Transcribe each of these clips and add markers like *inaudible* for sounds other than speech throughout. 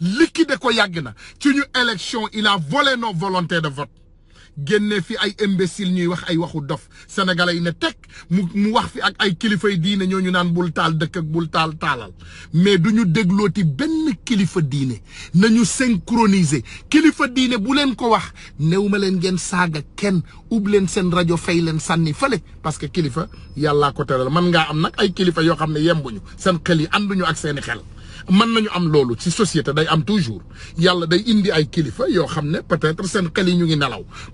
liquider ko yàgg na ci ñu élection il a volé de vote génne fi ay imbécile ñuy wax ay waxu dof sénégalais yi ne teg mu mu wax fi ak ay kilifay diine ñooñu naan bul taal dëkk ak bul taal taalal mais du ñu déglooti benn kilifa diine nañu synchroniser kilifa diine bu leen ko wax néew ma leen ngeen saaga kenn ub leen seen rajo fay leen sànni fale parce que kilifa yàllaa ko teral man ngaa am nag ay kilifa yoo xam ne yembuñu seen xel yi ànduñu ak seeni xel man nañu am lolu ci société day am toujours été day indi ay kilifa yo xamné peut-être sen kali ñu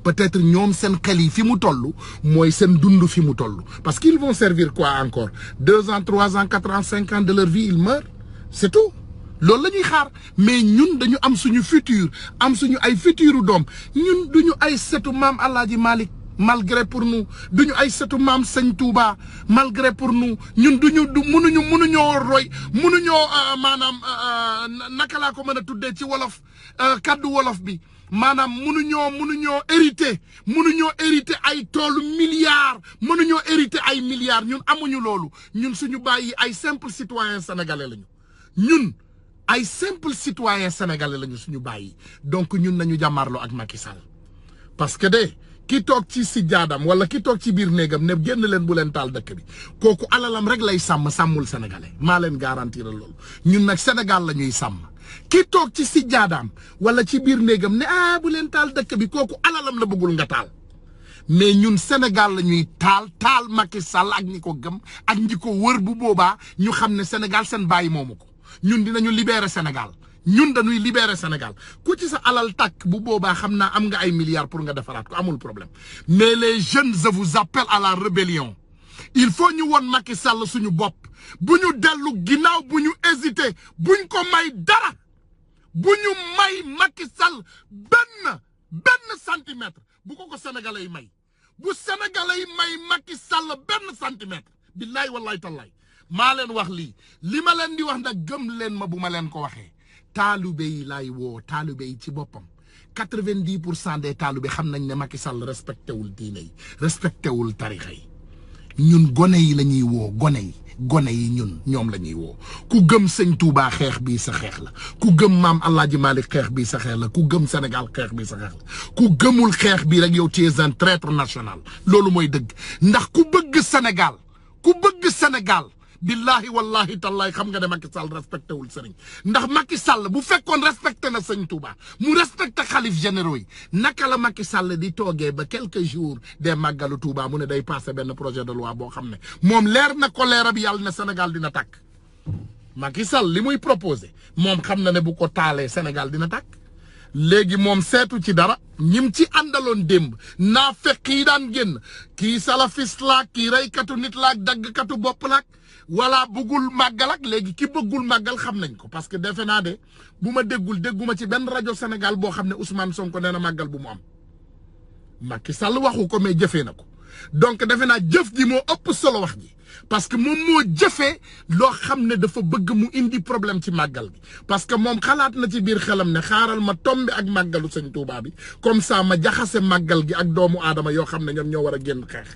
peut-être ñom sen kali fi mu tollu moy sen parce qu'ils vont servir quoi encore deux ans trois ans quatre ans cinq ans de leur vie ils meurent c'est tout lolu qui xaar mais nous, dañu am suñu futur am suñu ay futur. Nous, ñun duñu ay setu maam Malik. malgré pour nous duñu ay sëtu maam sëñ Touba malgré pour nous ñun duñu du mënuñu mënuñoo roy mënuñoo euh, maanaam euh, euh, naka laa ko mën a tuddee ci wolof kàddu wolof bi maanaam mënuñoo mënuñoo hérité mënuñoo hérité ay toolu milliards mënuñoo hérité ay milliards ñun amuñu loolu ñun suñu bàyyi ay simple citoyen sénégalais lañu ñun ay simple citoyen sénégalais lañu suñu bàyyi donc ñun nañu jàmmarloo ak Macky Sall de ki toog ci si jaadam wala ki toog ci biir néegam ne génn leen bu leen taal dëkk bi kooku alalam rek lay sàmm sàmmul sénégalais maa leen garantiral loolu ñun nag Sénégal la ñuy sàmm ki toog ci si jaadaam wala ci biir néegam ne ah bu leen taal dëkk bi kooku alalam la bëggul nga taal mais ñun Sénégal lañuy taal taal Macky sàll ak ñi ko gëm ak ñi ko wër bu boobaa ñu xam ne Sénégal seen bàyyi moomu ko ñun dinañu libérer Sénégal ñun dañuy libérer Sénégal ku ci sa alal tak bu boba xamna am nga ay milliards pour nga défarat ko amul problème mais les jeunes je vous appelle à la rébellion il faut ñu won Macky Sall suñu bop buñu ñu dellu buñu hésiter buñ ko may dara buñu may Macky Sall ben ben centimètre bu ko ko sénégalais may bu sénégalais may Macky Sall ben centimètre billahi wallahi tallahi ma len wax li li ma len di wax nak gëm len ma bu ma ko waxe taalibe lay wo woo ci bopam 90 des taalibe xamnañ ne Macky Sall respecté wul diine yi respecté wul tarixa yi ñun gone yi lañuy wo gone yi gone yi ñun ñom lañuy wo ku gëm Seigne Touba xex bi sa xex la ku gëm Mam Alhadji Hadj Malick xeex bii sa xex la ku gëm Sénégal xex bi sa xex la ku gëmul xex bi rek yow tu es un traître national lolu moy deug ndax ku bëgg Sénégal ku bëgg Sénégal. billahi wallahi tallahi xam nga ne Macky Sall respecté wul sëriñ ndax Macky Sall bu fekkoon respecté na sëñ Touba mu respecté xalif généraux yi naka la Macky Sall di toogee ba quelques jours des màggalu Touba mu ne day passé benn projet de loi boo xam ne moom leer na ko leera bi yàlla ne Sénégal dina tàkk Macky Sall li muy proposé moom xam na ne bu ko taalee Sénégal dina tàkk léegi moom seetu ci dara ñim ci àndaloon démb naa fekk yi daan génn kii salafiste laak kii reykatu nit laak daggkatu bopp laak wala bëggul màggal ak léegi ki bëggul màggal xam nañ ko parce que defe naa de bu ma déggul dégguma ci benn rajo Sénégal boo xam ne Ousmane Sonko nee na màggal bu mu am ki Sall waxu ko mais jëfee na ko donc defe naa jëf ji moo ëpp solo wax ji parce que moom moo jëfee loo xam ne dafa bëgg mu indi problème ci màggal gi parce que moom xalaat na ci biir xelam ne xaaral ma tombe ak màggalu sëñ Tuubaa bi comme ça ma jaxase màggal gi ak doomu aadama yoo xam ne ñoom ñoo war a génn xeex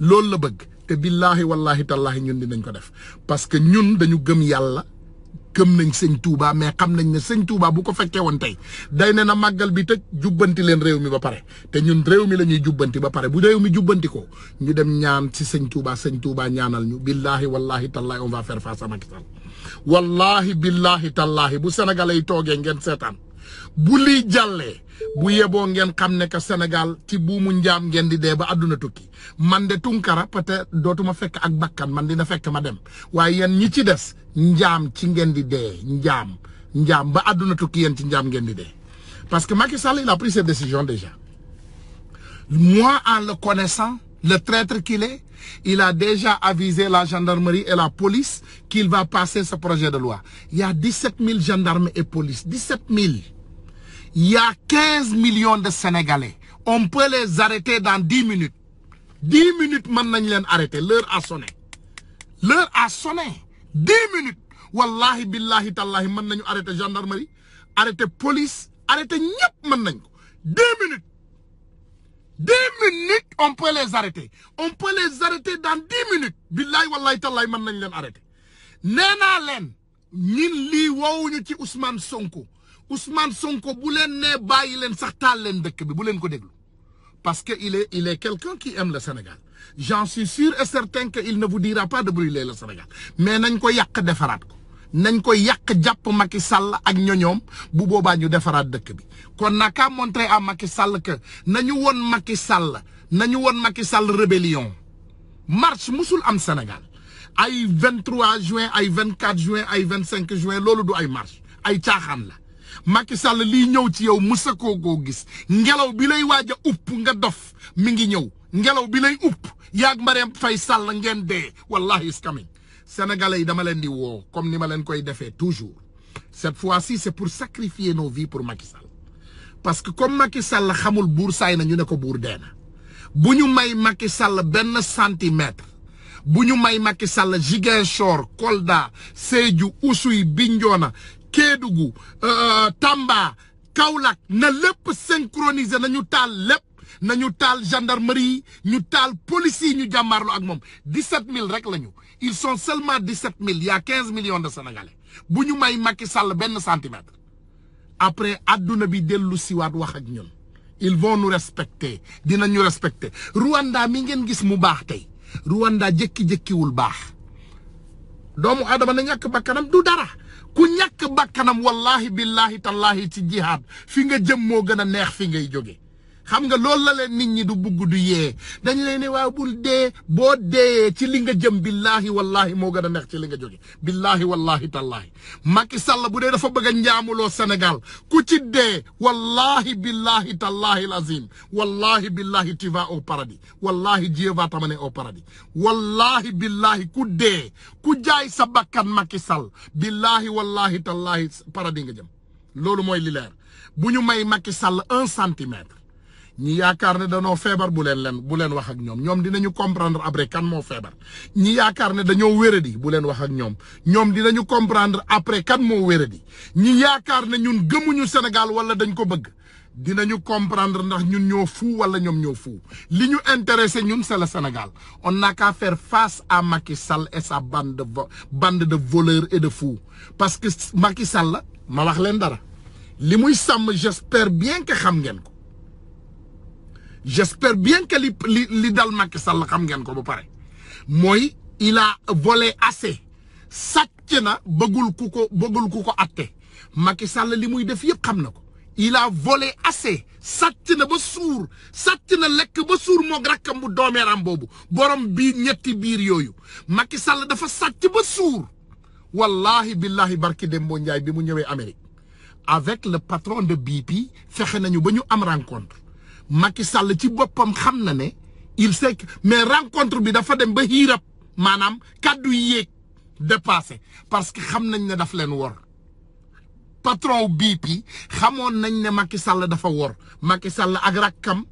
loolu la bëgg te billaahi wallaahi tallaahi ñun dinañ ko def parce que ñun dañu gëm yàlla gëm nañ sëñ tuubaa mais xam nañ ne sëñ Touba bu ko fekkee woon tey day ne na màggal bi tëj jubbanti leen réew mi ba pare te ñun réew mi la ñuy jubbanti ba pare bu réew mi jubbanti ko ñu dem ñaan si sëñ Touba sëñ Touba ñaanal ñu billaahi wallaahi tallaahi on va faire face à Macky Sall wallaahi billaahi tallaahi bu sénégalais yi toogee ngeen seetaan. Buli jalle, buye bu yeboo ngeen xam ne que Sénégal ci buumu njaam ngeen di dee ba àdduna tukki man de Tunkara peut-être dootuma fekk ak bakkan man dina fekk ma dem waaye yéen ñi ci des njaam ci ngeen di dee njaam njaam ba àdduna tukki y'en ci njaam ngeen di dee. parce que Macky Sall il a pris cette décision déjà moi en le connaissant le traître qu'il est il a déjà avisé la gendarmerie et la police qu'il va passer ce projet de loi il y a 17 000 gendarmes et police 17 000. Il y a 15 millions de Sénégalais. On peut les arrêter dans 10 minutes. 10 minutes, maintenant, peut les arrêter. L'heure a sonné. L'heure a sonné. 10 minutes. Wallahi, billahi, tallahi, maintenant, arrêter gendarmerie, arrêter police, arrêter ñep maintenant. 10 minutes. 10 minutes, on peut les arrêter. On peut les arrêter dans 10 minutes. Billahi, wallahi, tallahi, maintenant, les arrêter. li Ousmane Sonko. Ousmane Sonko bu ne nee bàyyi leen sax taal leen dëkk bi bu ko deglu. parce que il est il est quelqu'un qui aime le Sénégal j'en suis sûr et certain que il ne vous dira pas de brûler le Sénégal mais nañ ko yàq defaraat ko nañ ko yak jàpp Macky Sall ak ñoñoom bu boobaa ñu defaraat dëkk bi kon naka montrer à Macky Sall que nañu woon Macky Sall nañu won Macky Sall rébellion marche musul am Sénégal ay 23 juin ay 24 juin ay 25 juin lolo du ay marche ay caaxaan Macky Sall liy ñëw ci yow mësa koo gis ngelaw bi lay waaj a upp nga dof mi ngi ñëw ngelaw bi lay upp yaag Marème Faye Sall ngeen dee wallahi is coming sénégalais yi dama leen di woo comme ni ma leen koy defee toujours cette fois-ci c'est pour sacrifier nos vies pour Macky Sall parce que comme Macky Sall xamul buur saay na ñu ne ko buur dee na bu ñu may Macky Sall benn centimètre bu ñu may Macky Sall Ziguinchor Kolda Sédhiou Oussouye Bignona Kédougou euh, Tamba kaulak na lepp synchroniser nañu taal lépp nañu tal gendarmerie ñu tal police yi ñu jàmmaarlu ak 17 17000 rek lañu ils sont seulement 17000 y a 15 millions de sénégalais bu ñu may Macky Sall ben centimètre après adduna bi dellu siwaat wax ak ñun ils vont nous respecter dinañu respecter Rwanda mi ngeen gis mu baax tay Rwanda jékki-jékkiwul baax doomu aadama na ñàkk bakkanam du dara ku ñàkk bakkanam wallahi billahi tallahi ci jihaad fi nga jëm moo gën a neex fi ngay jóge xam nga loolu la leen nit ñi du bugg du yee dañu leen ne waaw bul dee boo dee ci li nga jëm billaahi wallaahi moo gën a neex ci li nga jóge billaahi wallaahi tallaahi Macky Sall bu dee dafa bëgg a njaamuloo ku ci dee wallaahi billaahi tallaahi lazim wallaahi billaahi tu vas au paradis wallaahi Dieu va t'amener au paradis wallaahi billaahi ku dee ku jaay sa bakkan Macky Sall billaahi wallaahi tallaahi paradis nga jëm loolu mooy lileer bu ñu may Macky Sall un centimètre ñi yaakaar ne danoo feebar bu leen len bu leen wax ak ñoom ñoom dinañu comprendre après kan moo feebar ñi yaakaar ne dañoo wéradi bu leen wax ak ñoom ñoom dinañu comprendre après kan moo wéradi ñi yaakaar ne ñun gëmuñu Sénégal wala dañ ko bëgg dinañu comprendre ndax ñun ñoo fuu wala ñoom ñoo fuu li ñu intéressé ñun c'est le Sénégal on n'a qu'à faire face à Macky Sall et sa bande de bande de voleurs et de fous parce que Macky Sall ma wax leen dara li muy sàmm j'espère bien que xam ngeen ko j'espère bien que li dal Macky Sall xam ngeen ko bu pare mooy il a volé assez sàcc na bëggul kuko bëggul ku atte Macky Sall li muy def yépp xam nako. il a volé assez sàcc na ba sour, sàcc na lekk ba sour moog rakam bu doomeeram bobu. borom bi ñetti biir yoyu. Macky Sall dafa satch ba sour. wallahi billahi barki Dembo Ndiaye bi mu ñëwé Amérique avec le patron de BP fexé nañu bañu am rencontre Macky Sall ci boppam xam na ne il sait que mais rencontre bi dafa dem ba hiirab maanaam kàddu yéeg dépassé parce que xam nañ ne daf leen wor patron biip yi xamoon nañ ne Macky Sall dafa wor Macky Sall ak rakkam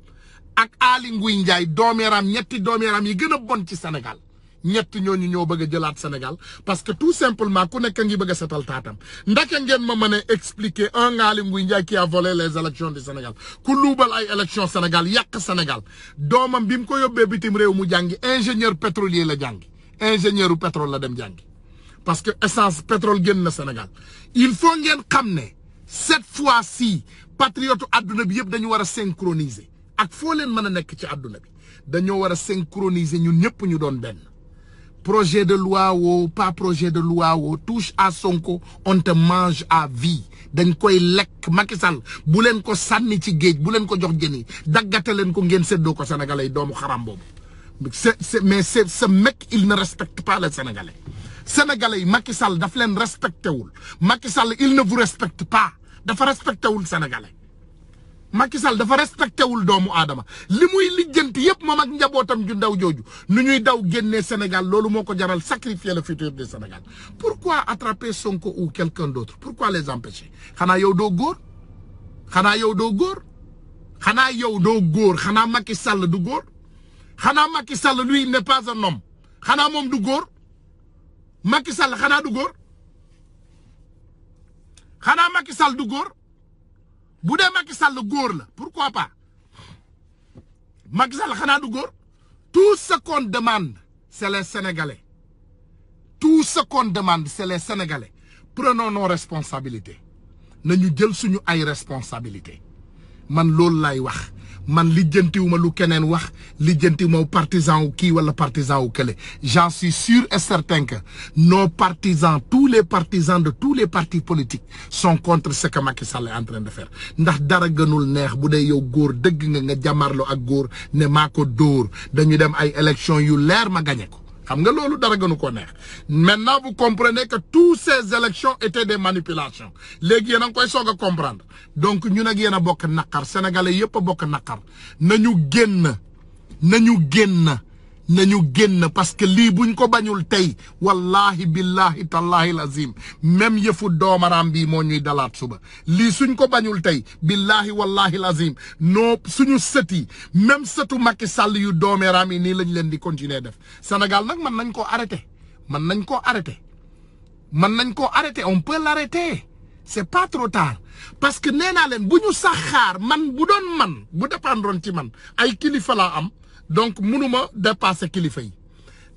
ak Aly Ngouille Ndiaye doomeeram ñetti doomeeram yi gën a bon ci Sénégal ñett ñooñu ñoo bëgg jëlaat Sénégal parce que tout simplement ku nekk ngi bëgg sétal setal taatam ndaka ngeen ma mëne expliquer un Aly Ngouille Ndiaye qui a volé les élections du Sénégal ku luubal ay élections Sénégal Yak Sénégal domam bi ko yobé bitim réew mu jangi ingénieur pétrolier la jangi ingénieur u pétrole la dem jangi parce que essence pétrole génn na Sénégal il faut ngeen xamné cette fois-ci patriote aduna bi yëpp dañu wara a synchroniser ak fo leen mëna nekk ci aduna bi dañu wara synchroniser ñun ñëpp ñu doon benn projet de loi ou pas projet de loi ou touche à son co on te mange à vie Dagn koy lek Macky Sall bu leen ko sanni ci géej bu ko jox jën yi daggate leen ko ngeen seddo ko sénégalais doomu kharam mais ce mec il ne respecte pas les sénégalais sénégalais yi Macky Sall daf len respecté wul Macky il ne vous respecte pas dafa respecté wul sénégalais Macky Sall dafa respecté wul doomu adama limuy muy lijjanti mom ak njabotam ju ndaw joju nu ñuy daw génnee Sénégal loolu moko jaral sacrifier le futur du Sénégal pourquoi attraper Sonko ou quelqu'un d'autre pourquoi les empêcher xana yow do gor xana yow do gor xana yow do gor xana Macky Sall du gor xana Macky Sall lui n'est pas un homme xana mom du gor Macky Sall xanaa du gor xana Macky Sall du gor Boudé Macky Sall pourquoi pas Sall du tout ce qu'on demande c'est les Sénégalais tout ce qu'on demande c'est les Sénégalais prenons nos responsabilités nous jël suñu ay responsabilités man loolu lay wax man lijjantiwu ma lu kenen wax lijjantiwu ma partisan ou ou wala partisan ou kële j'en suis sûr et certain que nos partisans tous les partisans de tous les partis politiques sont contre ce que Macky Sall est en train de faire ndax dara gënul neex bu dee yow góor deug nga nga jamarlo ak góor ne mako dañu dem ay élections yu lèr ma gañe maintenant vous comprenez que toutes ces élections étaient des manipulations Les yéen a ngi koy comprendre donc nous ak yéen Sénégalais bokk naqar sénégalais yëpp a bokk Nous nañu génn nañu nakar. nañu génn parce que lii buñ ko bañul tey wallahi billahi tallahi lazim même yëfu doomaraam bii moo ñuy dalaat suba lii suñ ko bañul tey billahi wallahi lazim noo suñu sët yi même sëtu Macky Sall yu doomeraam yi nii lañ leen di continuer def Sénégal nag mën nañ ko arrêté mën nañ ko arrêté mën nañ ko arrêté on peut l'arrêter c'est pas trop parce que nee naa leen bu ñu sax xaar man bu doon man bu dépendroon ci man ay kilifa laa am donc munuma dépasser kilifa yi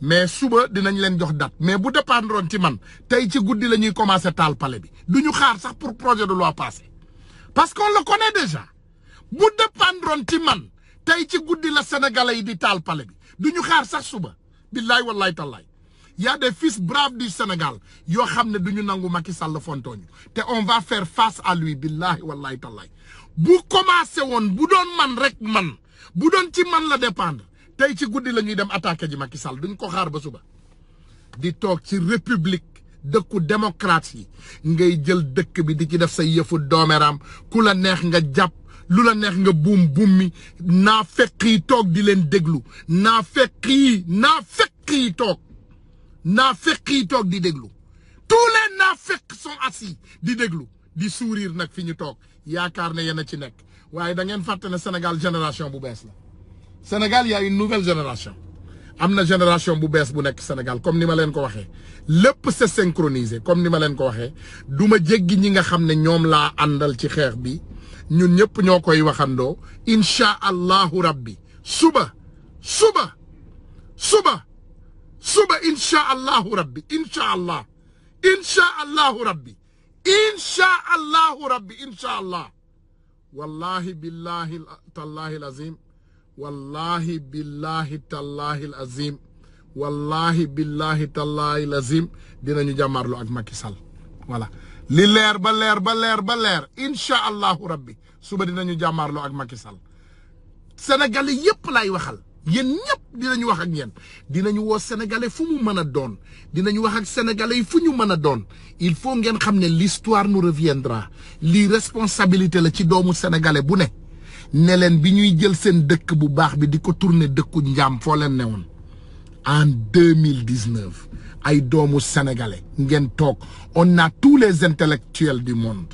mais suba dinañ len jox date mais bu dépendron ci man tay ci goudi lañuy commencer tal palais bi duñu xaar sax pour projet de loi passé parce qu'on le connaît déjà bu dépendron ci man tay ci goudi la sénégalais yi di tal palais bi duñu xaar sax suba billaay wallaay tallaay y a des fils braves du Sénégal Yo xam duñu nangu Macky Sall fontooñu te on va faire face à lui billahi wallahi tallaay bu commencé won bu doon man rek man bu doon ci man la dépendre tey ci guddi lañuy dem attaqué ji Macky Sall duñ ko xaar ba suba di toog ci république dëkku démocrate yi ngay jël dëkk bi di ci def sa yëfu doomeraam ku la neex nga jàpp lu la neex nga buum buum mi naa fekk yi toog di leen déglu naa yi naa fekk yi toog naa fekk yi toog di déglu tous les naa fekk di déglu di sourire nag fi ñu toog yaakaar na yéen a ci nekk Ouais, da ngeen fàtte le Sénégal génération bu bees la il y a une nouvelle génération am na génération bu bees bu Sénégal comme ni ma leen ko le lépp c'est synchronisé comme ni ma leen ko d'où du ma jéggi ñi nga xam andal ñoom laa àndal ci xeex bi ñun ñëpp ñoo koy waxandoo incha suba suba suba suba incha rabbi incha allah rabbi incha rabbi والله بالله تالله العظيم والله بالله تالله العظيم والله بالله تالله العظيم دينا ني جامارلو اك ماكي سال فوالا لي بلير بلير لير ان شاء الله ربي سوبا دينا ني جامارلو اك ماكي سال سنغال ييب لاي yéen ñëpp dinañ wax ak yéen dinañ wo sénégalais fu mu mën doon dinañ wax ak sénégalais fu ñu mën doon il faut ngeen xamné l'histoire nous reviendra li responsabilité la ci doomu sénégalais bu ne ne leen bi jël seen dëkk bu baax bi diko tourner dëkku njaam fo len newoon en 2019 ay doomu sénégalais ngeen tok on a tous les intellectuels du monde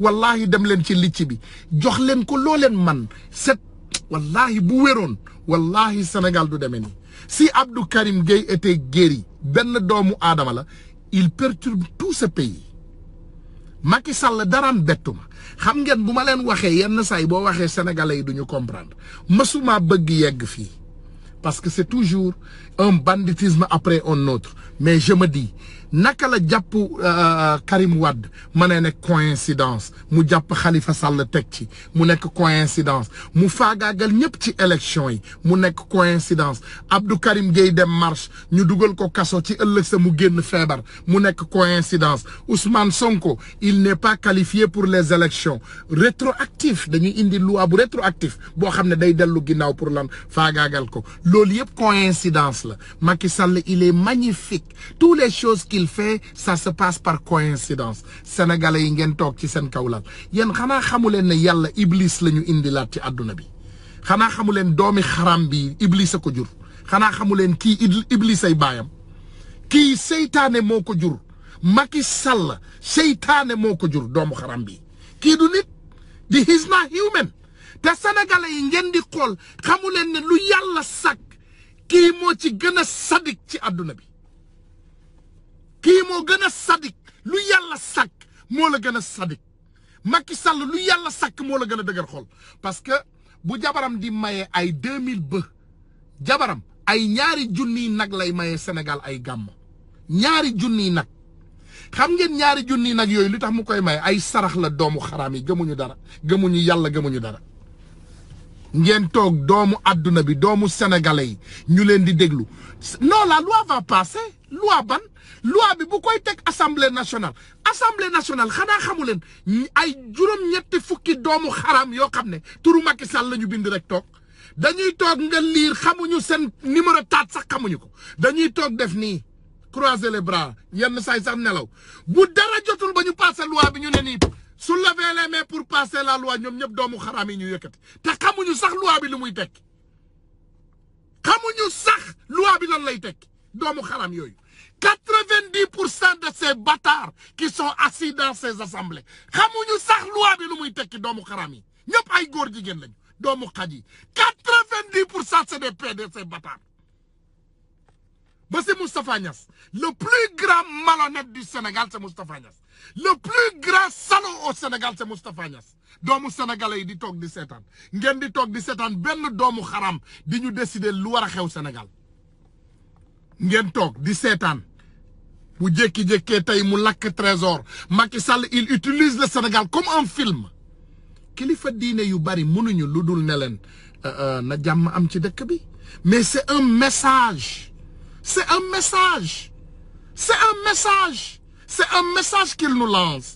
wallahi dem len ci licc bi jox len ko lo len man set wallahi bu weron wallahi Sénégal du demeni si Abdou Karim gay était guéri ben domou adama la il perturbe tout ce pays Macky Sall daraam bettu xam ngeen bu len waxe yenn say bo waxe sénégalais duñu comprendre mësuma bëgg yegg fi parce que c'est toujours un banditisme après un autre mais je me dis Nakala la euh, Karim Wade ma ne coïncidence mu japp Khalifa Sall teg ci mu coïncidence mu faagaagal ñep ci élection yi mu coïncidence Abdou Karim Gueye dem marche ñu duggal ko kaso ci ëllëg sa mu génn mu coïncidence Ousmane Sonko il n'est pas qualifié pour les élections rétroactif dañuy indi loi bu rétroactif bo xamné ne day dellu ginnaw pour lan galko. ko lool yépp coïncidence la Macky Sall il est magnifique toutes les choses qui qu'il fait ça se passe par coïncidence yi ngeen toog ci seen kawlal yéen xanaa xamu leen ne yàlla iblis la ñu indilaat ci àdduna bi xanaa xamu leen doomi xaram bi iblis a ko jur xanaa xamu leen kii iblis ay baayam kii seytaane moo ko jur Macky Sall seytaane moo ko jur doomu xaram bi kii du nit di is not human te sénégalais yi ngeen di xool xamu leen ne lu yàlla sàkk kii moo ci gën a sadik ci àdduna bi kii moo gën a sadik lu yàlla sàkk moo la gën a sadik ki Sall lu yàlla sàkk moo la gën a dëgër xol parce que bu jabaram di maye ay deux mille ba jabaram ay ñaari junniy nag lay maye Sénégal ay gàmm ñaari junniy nag xam ngeen ñaari junniy nag yooyu li tax mu koy may ay sarax la doomu xaram yi gëmuñu dara gëmuñu yàlla gëmuñu dara ngeen toog doomu àdduna bi doomu sénégalais yi ñu leen di déglu non la loi va passer loi ban loi bi bu koy teg assemblée nationale assemblée nationale xanaa xamu leen ay juróom-ñetti fukki doomu xaram yoo xam ne turu Macky Sall la ñu bind rek toog dañuy toog nga liir xamuñu seen numéro taat sax xamuñu ko dañuy toog def nii croiser les bras yenn saay sax nelaw bu dara jotul ba ñu passé loi bi ñu ne nii soulever les mains pour passer la loi nous ñep doomu kharam yi ñu nous te xamuñu sax loi bi lu muy tekki xamuñu sax loi bi lan lay tek doomu kharam yoy de ces bâtards qui sont assis dans ces assemblées xamuñu sax loi bi lu muy tek doomu kharam yi ñëpp ay gor lañu doomu xadi 90% c'est des pédés ces bâtards bah, c'est Moustapha Nias. Le plus grand malhonnête du Sénégal, c'est Moustapha Nias. Le plus grand salaud au Sénégal, c'est Moustapha Nias. Domou sénégalais yi di toog di seetaan ngeen di toog di seetaan benn domou xaram di ñu décider lu war xew Sénégal ngeen tok di ans. bu jékki-jékkee tey mu lak trésor Macky Sall il utilise le Sénégal comme un film kilifa diine yu bari mënuñu lu nelen, euh, leen euh, na jàmm am ci bi mais c'est un message C'est un message. C'est un message. C'est un message qu'il nous lance.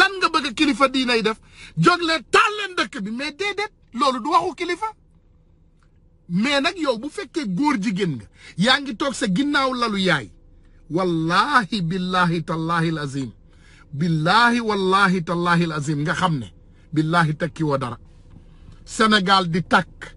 lan nga bëgg kilifa diinay def jóg leen taal leen dëkk bi mais déedéet loolu du waxu kilifa mais nag yow bu fekkee góor jigéen nga yaa ngi toog sa ginnaaw lalu yaay wallahi billahi tallahi azim billahi wallahi tallahi azim nga xam ne billahi takki woo dara Sénégal di takk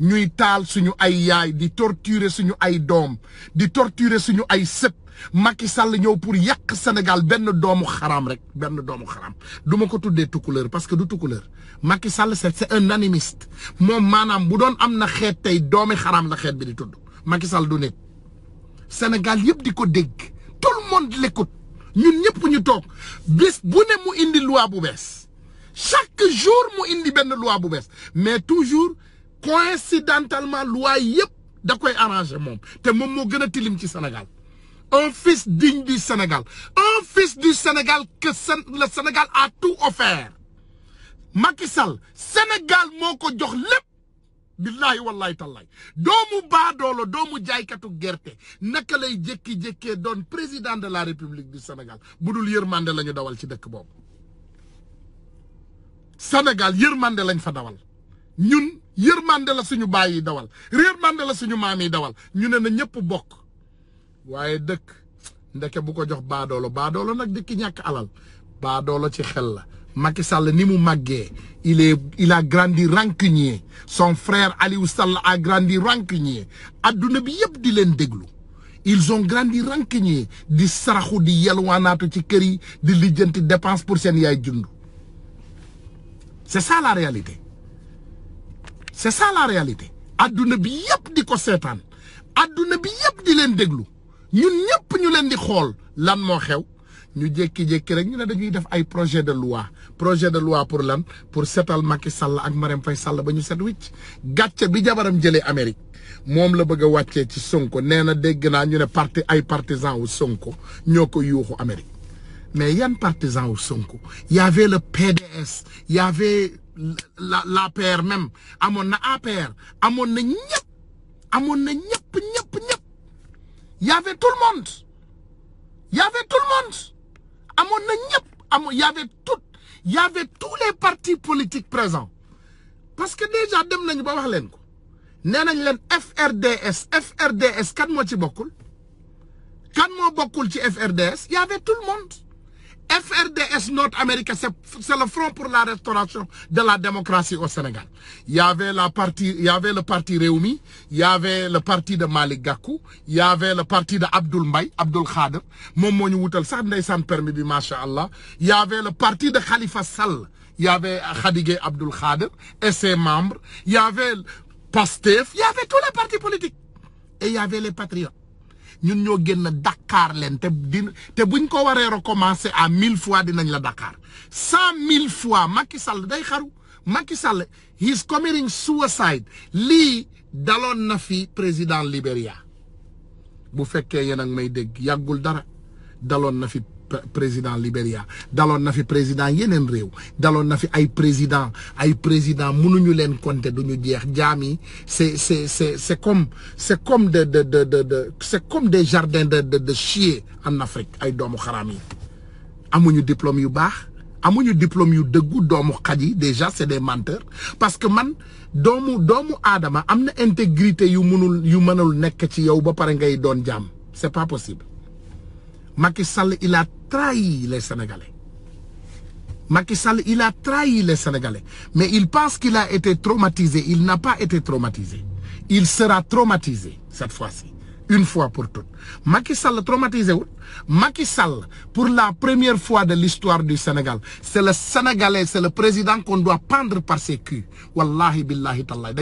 ñuy taal suñu ay yaay di torturer suñu ay dom di torturer suñu ay sepp Macky Sall ñeu pour yak Sénégal ben domu xaraam rek ben domu xaraam duma ko ko tout couleur parce que du couleur Macky Sall c'est un animiste mom manam bu doon am na xeet tey doomi xaraam la xeet bi di tuddu Macky Sall du nit Sénégal yëpp diko ko dégg tout le monde l'écoute ñun ñëpp ñu tok bés bu ne mu indi loi bu bess chaque jour mu indi ben loi bu bess mais toujours coïncidentalement loi yëpp da koy arrangé moom te moom moo gën a tilim ci senegal un fils digne du Sénégal un fils du Sénégal que le Sénégal a tout offert Macky Sall moo ko jox lépp billahi wallahi tallahi doomu baadoolo doomu jaaykatu gerte naka lay jékki-jékkee doon président de la république du senegal bu dul yërmande la ñu dawal ci dëkk boobu senegal yërmande lañ fa dawal yërmande la suñu bayyi dawal yërmande la suñu mami dawal ñu ne na ñëpp bokk waye dëkk ndeke bu ko jox baadoolo baadoolo nak dikki ñak alal baadoolo ci xel la Macky Sall ni mu maggé il est il a grandi rancunier son frère Aliou Sall a grandi rancunier aduna bi yëpp di leen déglu ils ont grandi rancunier di saraxu di yelwaanaatu ci kër yi di lijeenti dépenses pour sen yaay jund c'est ça la réalité c'est ça la réalité Il bi a di ko setan. Aduna bi di len ñun ñep ñu di xol xew ñu rek projet de loi projet de loi pour l'homme. pour setal Macky Sall ak Marème Faye Sall ba ñu set wicc Gatcha bi jabaram Amérique mom la bëgg a ci ñu parti partisans au Sonko ñoko Amérique mais partisans Sonko y avait le PDS y avait la l'APR même à na APR à na ñep à na ñep ñep y avait tout le monde il y avait tout le monde à na ñëpp il y avait tout il y avait tous les partis politiques présents parce que déjà dem nañ ba wax len ko nenañ len FRDS FRDS kan mo ci bokul kan mo bokul ci FRDS y avait tout le monde FRDS nord Amérique, c'est le Front pour la restauration de la démocratie au Sénégal. Il y avait, le parti Réumi, il y avait le parti de Malik Gakou, il y avait le parti de Abdoul Mbaye, Abdoul Khader, Woutal, ça permis, Allah. Il y avait le parti de Khalifa Sall, il y avait Khadige Abdoul Khader et ses membres, il y avait Pastef, il y avait tous les partis politiques. Et il y avait les patriotes. ñun ñoo génn Dakar leen te di te buñ ko waree recommencer à mille fois dinañ la Dakar cent mille fois Macky Sall day xaru Macky Sall he's committing suicide lii daloon na fi président Libéria bu fekkee yéen may dégg yàggul dara daloon na fi président Libéria Dalon na fi président yenen rew. Dalon na fi ay président ay président mënuñu len compter duñu diex jami. c'est c'est c'est c'est comme c'est comme de de de de c'est comme des jardins de de de chier en Afrique ay doomu Harami, yi amuñu diplôme yu bax, amuñu diplôme yu dëggu doomu xaj déjà c'est des menteurs parce que man doomu doomu adama amna intégrité yu mënul yu mënul nek ci yow ba ngay don c'est pas possible Macky il a trahi les Sénégalais. Macky il a trahi les Sénégalais. Mais il pense qu'il a été traumatisé. Il n'a pas été traumatisé. Il sera traumatisé cette fois-ci. Une fois pour toutes. Macky Sall traumatisé. Macky Sall, pour la première fois de l'histoire du Sénégal, c'est le Sénégalais, c'est le président qu'on doit pendre par ses culs. Wallahi billahi tallahi.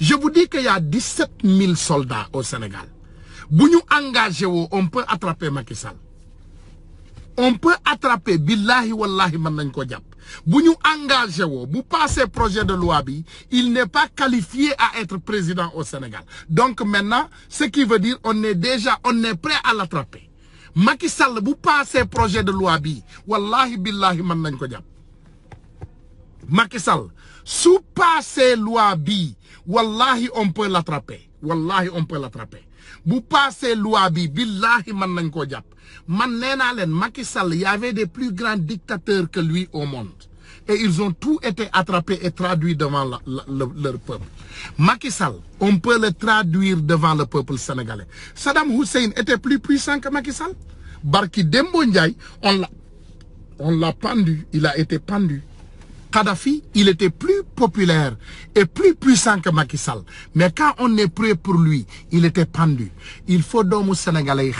Je vous dis qu'il y a 17 000 soldats au Sénégal. Si nous engagons, on peut attraper Macky Sall. On peut attraper, billahi wallahi man Kodiap. ko japp. vous si passez projet de loi il n'est pas qualifié à être président au Sénégal. Donc maintenant, ce qui veut dire on est déjà on est prêt à l'attraper. Macky Sall passez le projet de loi bi, wallahi billahi man nañ sous japp. Macky Sall loi bi wallahi on peut l'attraper wallahi on peut l'attraper Vous passez l'ouabi, billahi y avait des plus grands dictateurs que lui au monde et ils ont tout été attrapés et traduits devant leur peuple. Macky on peut le traduire devant le peuple sénégalais. Saddam Hussein était plus puissant que Macky Sall. Barki Dembo on l'a pendu, il a été pendu. Kadhafi, il était plus populaire et plus puissant que Macky Sall. Mais quand on est prêt pour lui, il était pendu. Il faut donc au Sénégalais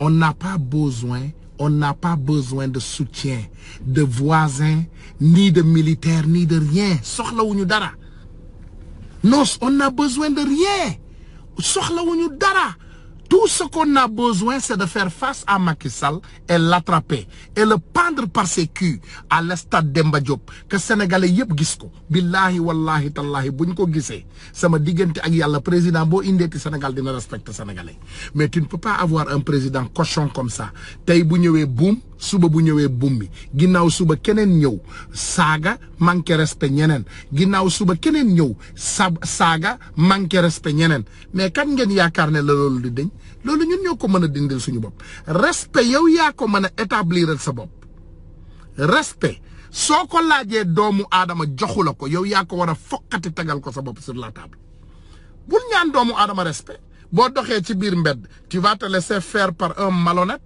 On n'a pas besoin, on n'a pas besoin de soutien, de voisins, ni de militaires, ni de rien. dara. Non, on n'a besoin de rien. dara. Tout ce qu'on a besoin, c'est de faire face à Macky Sall et l'attraper et le pendre par ses culs à l'estade Demba que sénégalais yep gisko. ko billahi wallahi tallahi bu le ko ça sama dit ak le président boo Sénégal dina le sénégalais mais tu ne peux pas avoir un président cochon comme ça es bu suba bu ñëwee bummi ginnaaw suba keneen ñëw saaga manqué respect ñeneen ginnaaw suba keneen ñëw sa saaga manqué respect ñeneen mais kan ngeen yaakaar ne la loolu di deñ loolu ñun ñoo ko mën a dindil suñu bopp respect yow yaa ko mën a établir sa bopp respect soo ko laajee doomu aadama joxula ko yow yaa ko war a fokkati tagal ko sa bopp sur la table bul ñaan doomu aadama respect boo doxee ci biir mbedd tu vas te laisser faire par un malhonnête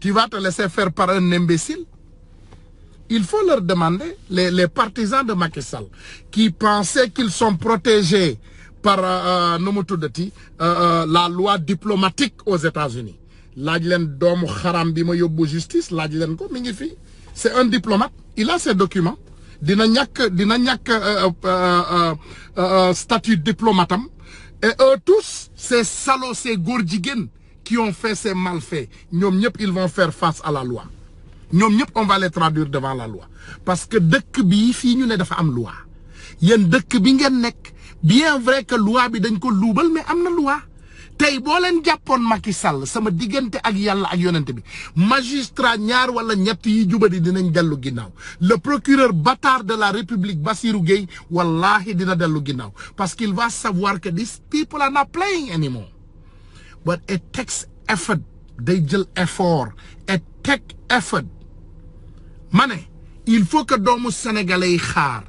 Tu vas te laisser faire par un imbécile Il faut leur demander, les, partisans de Macky Sall, qui pensaient qu'ils sont protégés par euh, euh, euh, euh la loi diplomatique aux États-Unis. justice, c'est un diplomate, il a ses documents. il a un statut diplomate, et eux tous ces salauds ces góor qui ont fait ces malfaits, ils vont faire face à la loi. Nous ñëpp on va les traduire devant la loi parce que dëkk bii fii ñu ne dafa am loi yéen dëkk bi ngeen nekk bien vrai que loi bi dañ ko loubal, mais am na loi Tay boo leen jàppoon Macky Sall sama digënté ak Yalla ak yonent bi magistrat ñaar wala ñett yi jubadi dinañ dellu ginnaw le procureur bâtard de la république Bassirou Gueye wallahi dina dellu ginnaw parce qu'il va savoir que these people are not playing anymore but it takes effort day jël effort it take il faut que doomu sénégalais yi xaar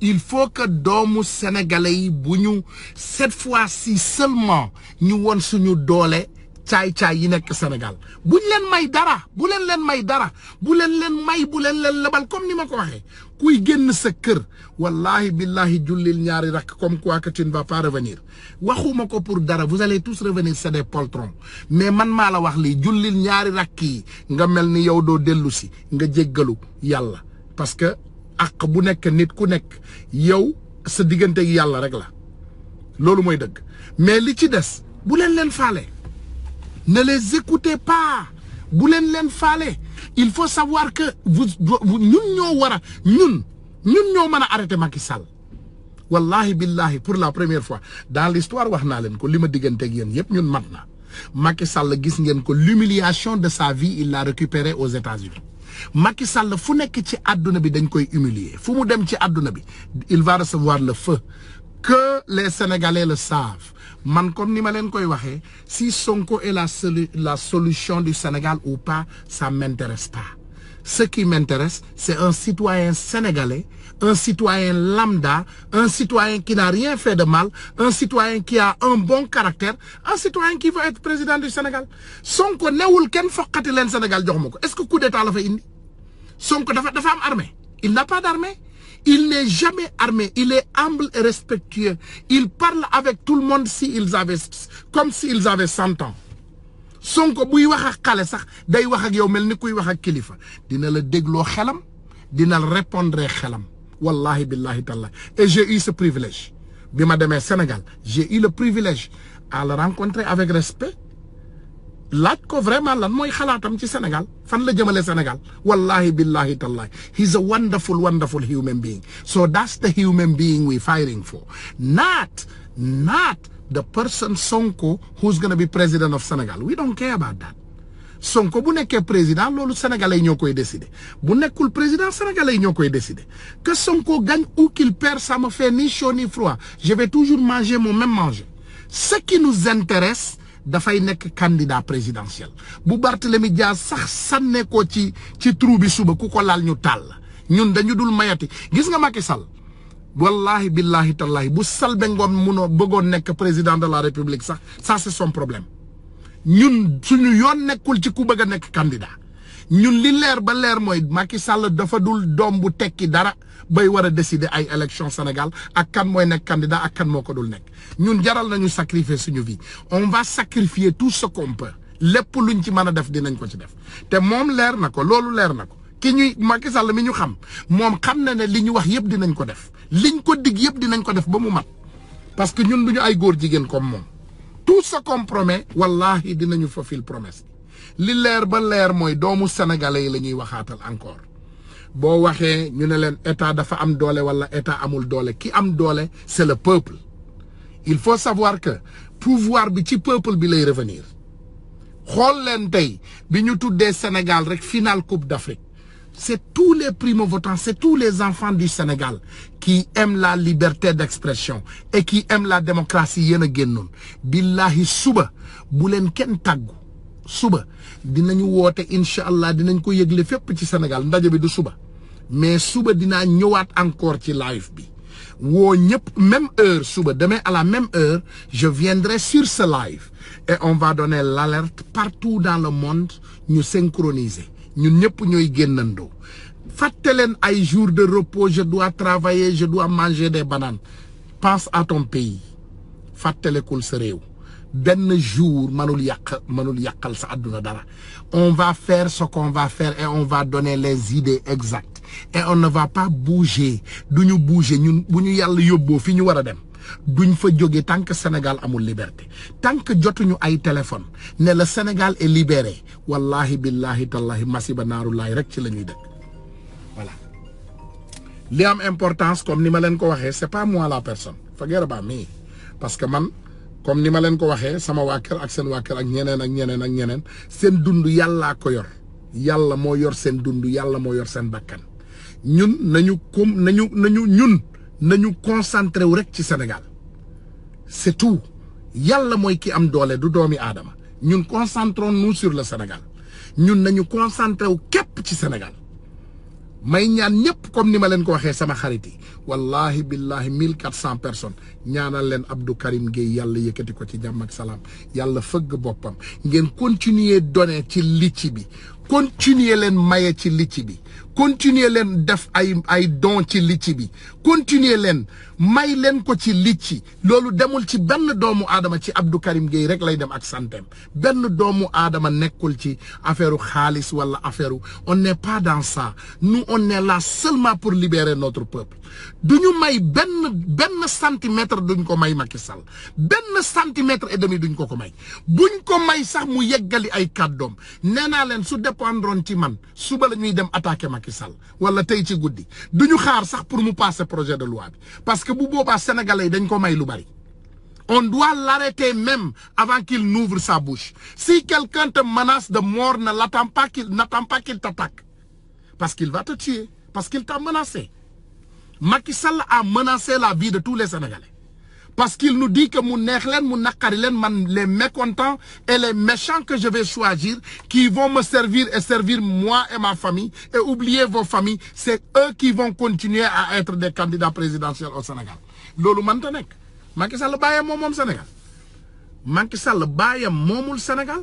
il faut que doomu sénégalais bu ñu cette fois-ci seulement ñu won suñu doole caay-caay yi nekk Sénégal buñ l'en may dara bu l'en len may dara bu l'en len may bu len len lebal comme ni ma ko kuy sa keur wallahi billahi julil ñaari rak comme quoi que tu ne vas pas revenir waxuma ko pour dara vous allez tous revenir c'est des poltrons mais man ma la wax li julil ñaari rak Ngamel nga melni ni yow do dellu si nga jéggalu Yalla parce que ak bu nek nit ku nek yow sa digganteeg yalla rek la loolu moy deug mais li ci des bu len len falé ne les écoutez pas. Boulen len falé. Il faut savoir que vous, vous nous ñoo wara ñun ñun ñoo mëna arrêter Macky Sall. Wallahi billahi pour la première fois dans l'histoire wax na len ko lima ma ak yeen yépp ñun matna. Macky Sall gis ngeen ko l'humiliation de sa vie il l'a récupéré aux États-Unis. Macky Sall fu nek ci aduna bi dañ koy humilier fu mu dem ci aduna bi il va recevoir le feu que les Sénégalais le savent man comme ni si Sonko est la la solution du Sénégal ou pas ça m'intéresse pas ce qui m'intéresse c'est un citoyen sénégalais un citoyen lambda un citoyen qui n'a rien fait de mal un citoyen qui a un bon caractère un citoyen qui veut être président du Sénégal Sonko n'est ken len Sénégal de est-ce que coup d'état la fait indi Sonko dafa dafa femme armée il n'a pas d'armée il n'est jamais armé, il est humble et respectueux. Il parle avec tout le monde si ils avaient, comme s'ils avaient 100 ans. Sonko buy wax ak xale sax day wax ak yow mel ni kuy wax ak kilifa dina le dégloo xelam dina répondre xelam wallahi billahi talla. et j'ai eu ce privilège bi ma demee Sénégal j'ai eu le privilège à le rencontrer avec respect laaj ko vraiment lan mooy xalaatam ci Sénégal fan la jëmale Sénégal wallahi billahi tallahi he's a wonderful wonderful human being so that's the human being we fighting for not not the person Sonko who's going to be president of Sénégal wi don't care about that Sonko bu nekkee président loolu sénégalais ñoo koy décider bu nekkul président sénégalais ñoo koy décider que Sonko gagne ou qu'il perd ça me fait ni chaud ni froid je vais toujours manger mon même manger ce qui nous dafay nekk candidat présidentiel bu Barthélemy Dias sax sànne ko ci ci trou bi suba ku ko laal ñu taal ñun dañu dul mayati gis nga Macky Sall wallahi billahi tallahi bu Selbé Ngom munoo bëggoon nekk président de la république sax ça c'est son problème ñun suñu yoon nekkul ci ku bëgg a nekk candidat ñun li leer ba leer mooy Macky Sall dafa dul doom bu tekki dara bay wara décider ay élection Sénégal ak kan moy nek candidat ak kan moko dul nek ñun jaral nañu sacrifier suñu vie on va sacrifier tout ce qu'on peut lepp luñ ci mëna def dinañ ko ci def té mom lèr nako lolu lèr nako ki ñuy Macky Sall mi ñu xam mom xam na né li ñu wax yépp dinañ ko def liñ ko dig yépp dinañ ko def ba mu mat parce que ñun duñu ay góor jigen comme mom tout ce qu'on promet wallahi dinañu fulfill promesse li lèr ba lèr moy doomu sénégalais lañuy waxatal encore bo waxé ñu ne leen état dafa am doolé wala état amul doolé ki am doolé c'est le peuple il faut savoir que pouvoir bi ci peuple bi lay revenir xol len tay bi ñu Sénégal rek finale Coupe d'Afrique c'est tous les primo-votants c'est tous les enfants du Sénégal qui aiment la liberté d'expression et qui aiment la démocratie yena bila billahi suba bu len ken tàggu suba dinañu woote inshallah dinañ ko yeglé fep ci Sénégal ndaje bi du suba mais suba dina ñëwaat encore ci live bi wo même heure demain à la même heure je viendrai sur ce live et on va donner l'alerte partout dans le monde Nous synchroniser ñun ñëpp ñoy gennando Faites-le un jour de repos je dois travailler je dois manger des bananes pense à ton pays Faites sa réew ben jour manul yak manul on va faire ce qu'on va faire et on va donner les idées exactes et on ne va pas bouger duñu bouger ñun buñu yalla yobbo fi ñu wara dem duñ fa joggé tant que Sénégal amul liberté tant que jotuñu ay téléphone né le Sénégal est libéré wallahi billahi tallahi masiba naaru laay rek ci la dëkk voilà li am importance comme ni ma leen ko waxé c'est pas moi la personne Faguera Ba me parce que man comme ni ma leen ko waxé sama waa kër ak sen waa kër ak ñeneen ak ñeneen ak ñeneen sen dundu yalla ko yor yalla mo yor sen dundu yalla mo yor sen bakkan ñun nañu comme nañu nañu ñun nañu concentré wu rek ci Sénégal c'est yàlla mooy ki am doole du doomi aadama ñun concentrons-nous sur le Sénégal ñun nañu concentré wu képp ci Sénégal may ñaan ñëpp comme ni ma leen ko waxee sama xarit yi wallahi billahi mille quatre cent personnes ñaanal leen Abdou Karim Gueye yàlla yëkkati ko ci jàmm ak salaam yàlla fëgg boppam ngeen continuer donner ci licci bi continuer leen maye ci lici bi continuer leen def ay ay don ci lici bi continuer leen may leen ko ci lici loolu demul ci benn doomu aadama ci Abdou Karim Gueye rek lay dem ak santeem benn doomu aadama nekkul ci affaire xaalis wala affaire on n'est pas dans ça nous seulement pour libérer notre peuple du ñu may benn benn centimètre duñ ko may Macky Sall benn centimètre et demi duñ ko ko may buñ ko may sax mu yeggali ay kàddoom nee leen su dépendre ci man suba la dem attaquer Macky Sall wala tay ci Goudi. duñu xaar sax pour mu passer projet de loi bi parce que bu boobaa sénégalais dañ ko may lu bari. On doit l'arrêter même avant qu'il n'ouvre sa bouche. Si quelqu'un te menace de mort, ne l'attends pas qu'il n'attend pas qu'il t'attaque. Parce qu'il va te tuer, parce qu'il t'a menacé. Macky Sall a menacé la vie de tous les Sénégalais. Parce qu'il nous dit que mon les mécontents et les méchants que je vais choisir, qui vont me servir et servir moi et ma famille, et oublier vos familles, c'est eux qui vont continuer à être des candidats présidentiels au Sénégal. Lolo Mantanek. Macky Sall baye momom Sénégal. Macky Sall baye momul Sénégal.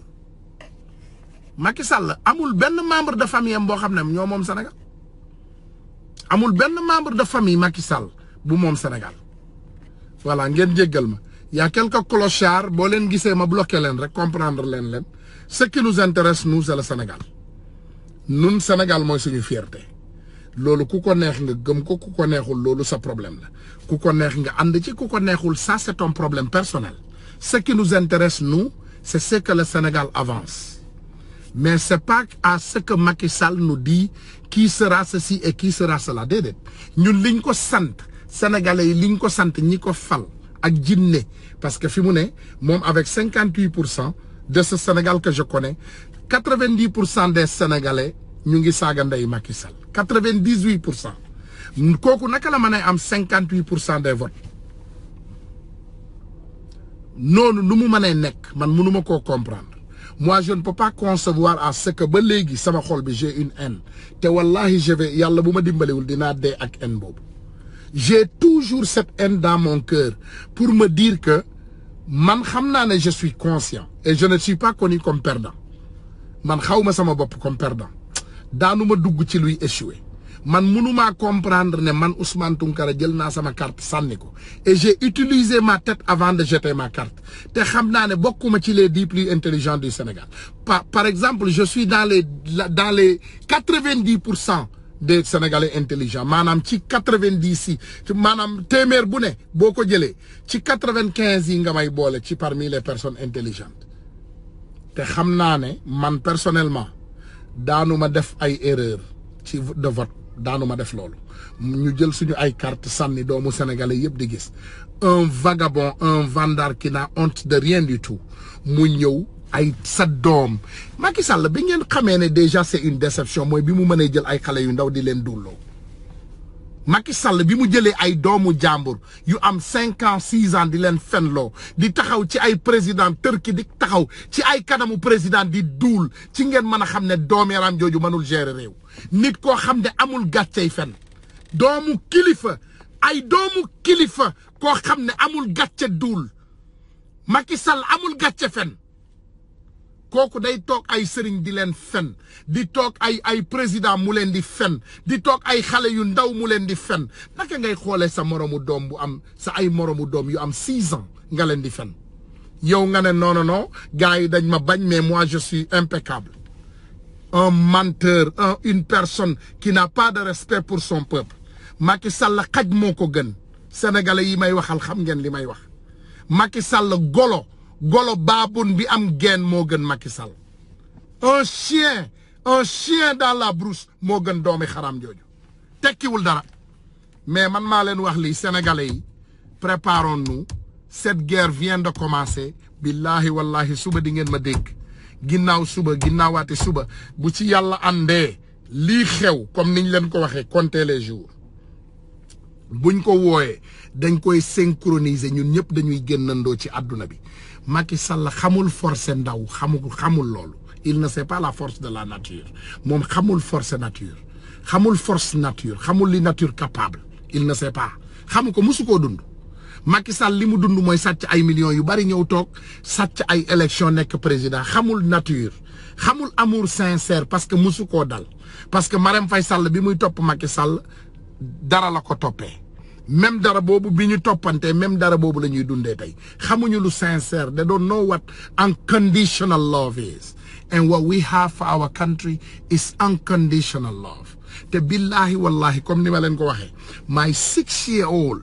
Macky Sall amul ben membre de famille bo xamne ñoo mom Sénégal. Amul ben membre de famille Macky Sall bu mom Sénégal voilà ngeen jéggal Il y a quelques clochards boo leen gisee ma bloqué bloquer rek comprendre ce qui nous intéresse nous c'est le Sénégal Nous, le Sénégal nous suñu fierté Lolo, ku ko neex nga gëm ko ku ko neexul loolu sa problème la ku neex nga and ci ku neexul ça c'est un problème personnel ce qui nous intéresse nous c'est ce que le Sénégal avance mais c'est pas à ce que Macky Sall nous dit qui sera ceci et qui sera cela Nous ñun liñ ko sénégalais yi ko sante ñi ko fal ak jinné parce que fi mu né mom avec 58% de ce Sénégal que je connais 90% des sénégalais ñu ngi saaga Macky Sall 98% Koku dix naka la mané am 58% des votes Non nous mu mënee nek, man nous koo comprendre. moi je ne peux pas concevoir à ce que ba ça sama xol bi j'ai une haine te wallahi je vais yàlla bu ma dimbaliwul dinaa dee ak haine bob j'ai toujours cette haine dans mon cœur pour me dire que man xamnaane je suis conscient et je ne suis pas connu comme perdant man xawma sama connu comme perdant suis dugg ci luy échouer man comme comprendre ne man Ousmane comme jël na sama carte comme et j'ai utilisé ma tête avant de jeter ma carte te xamnaane connu ci les plus intelligents du Sénégal par exemple je suis dans les dans les 90% des sénégalais intelligents Manam ci 90 si, manam, yi maanaam téeméer bu ne 95 ko ci may parmi les personnes intelligentes te xam man personnellement daanu ma def ay erreur ci de vote daanu ma def loolu ñu jël suñu ay carte sanni doomu sénégalais yep di gis un vagabond un vandard qui n'a honte de rien du tout mu ay sa doom Macky Sall bi ngeen xamee ne déjà c'est une déception mooy bi mu mënee jël ay xale yu ndaw di leen dulloo Macky Sall bi mu jëlee ay doomu jàmbur yu am cinq ans di leen fenloo di taxaw ci ay président turki di taxaw ci ay kanamu président di duul ci ngeen mën a xam ne doom yaram jooju mënul gérer réew nit koo xam ne amul gàccey fen doomu kilifa ay doomu kilifa koo xam ne amul gàcce duul Macky Sall amul gàcce fen kooku day toog ay sëriñ di leen fen di toog ay ay président mu leen di fen di toog ay xale yu ndaw mu leen di fen naka ngay xoole sa moroomu doom bu am sa ay moroomu doom yu am six ans nga leen di fen yow nga ne non non non yi dañ ma bañ mais moi je suis un menteur un une personne qui n'a pas de respect pour son peuple Macky Sall xaj moo ko gën sénégalais yi may waxal xam ngeen li may wax Macky Sall golo golo pun bi am gen mo gen Macky Sall un chien un chien dans la brousse gen domi kharam jojo jooju wul dara mais man ma len wax li sénégalais préparons-nous cette guerre vient de commencer billahi wallahi suba di ngeen ma dégg ginnaw suba ginnawati suba bu ci yalla àndee li xew comme niñ len ko waxee compter les jours buñ ko woyé dañ koy synchroniser ñun ñëpp dañuy ci aduna bi Macky Sall xamul force ndaw xamul xamul lolu. il ne sait pas la force de la nature Mon xamul force nature xamul force nature xamul li nature capable il ne sait pas xam ko mosu dund Macky Sall limu dund moy sàcc ay millions yu bari ñew tok sàcc ay élection nek président xamul nature xamul amour sincère parce que musuko dal parce que Marème Faye Sall bi muy top Macky Sall dara la ko topé même dara boobu bi ñu toppantee même dara boobu la ñuy dundee xamuñu lu sincère they don't know what unconditional love is and what we have for our country is unconditional love te billahi wallahi comme ni ma leen ko waxee my six year old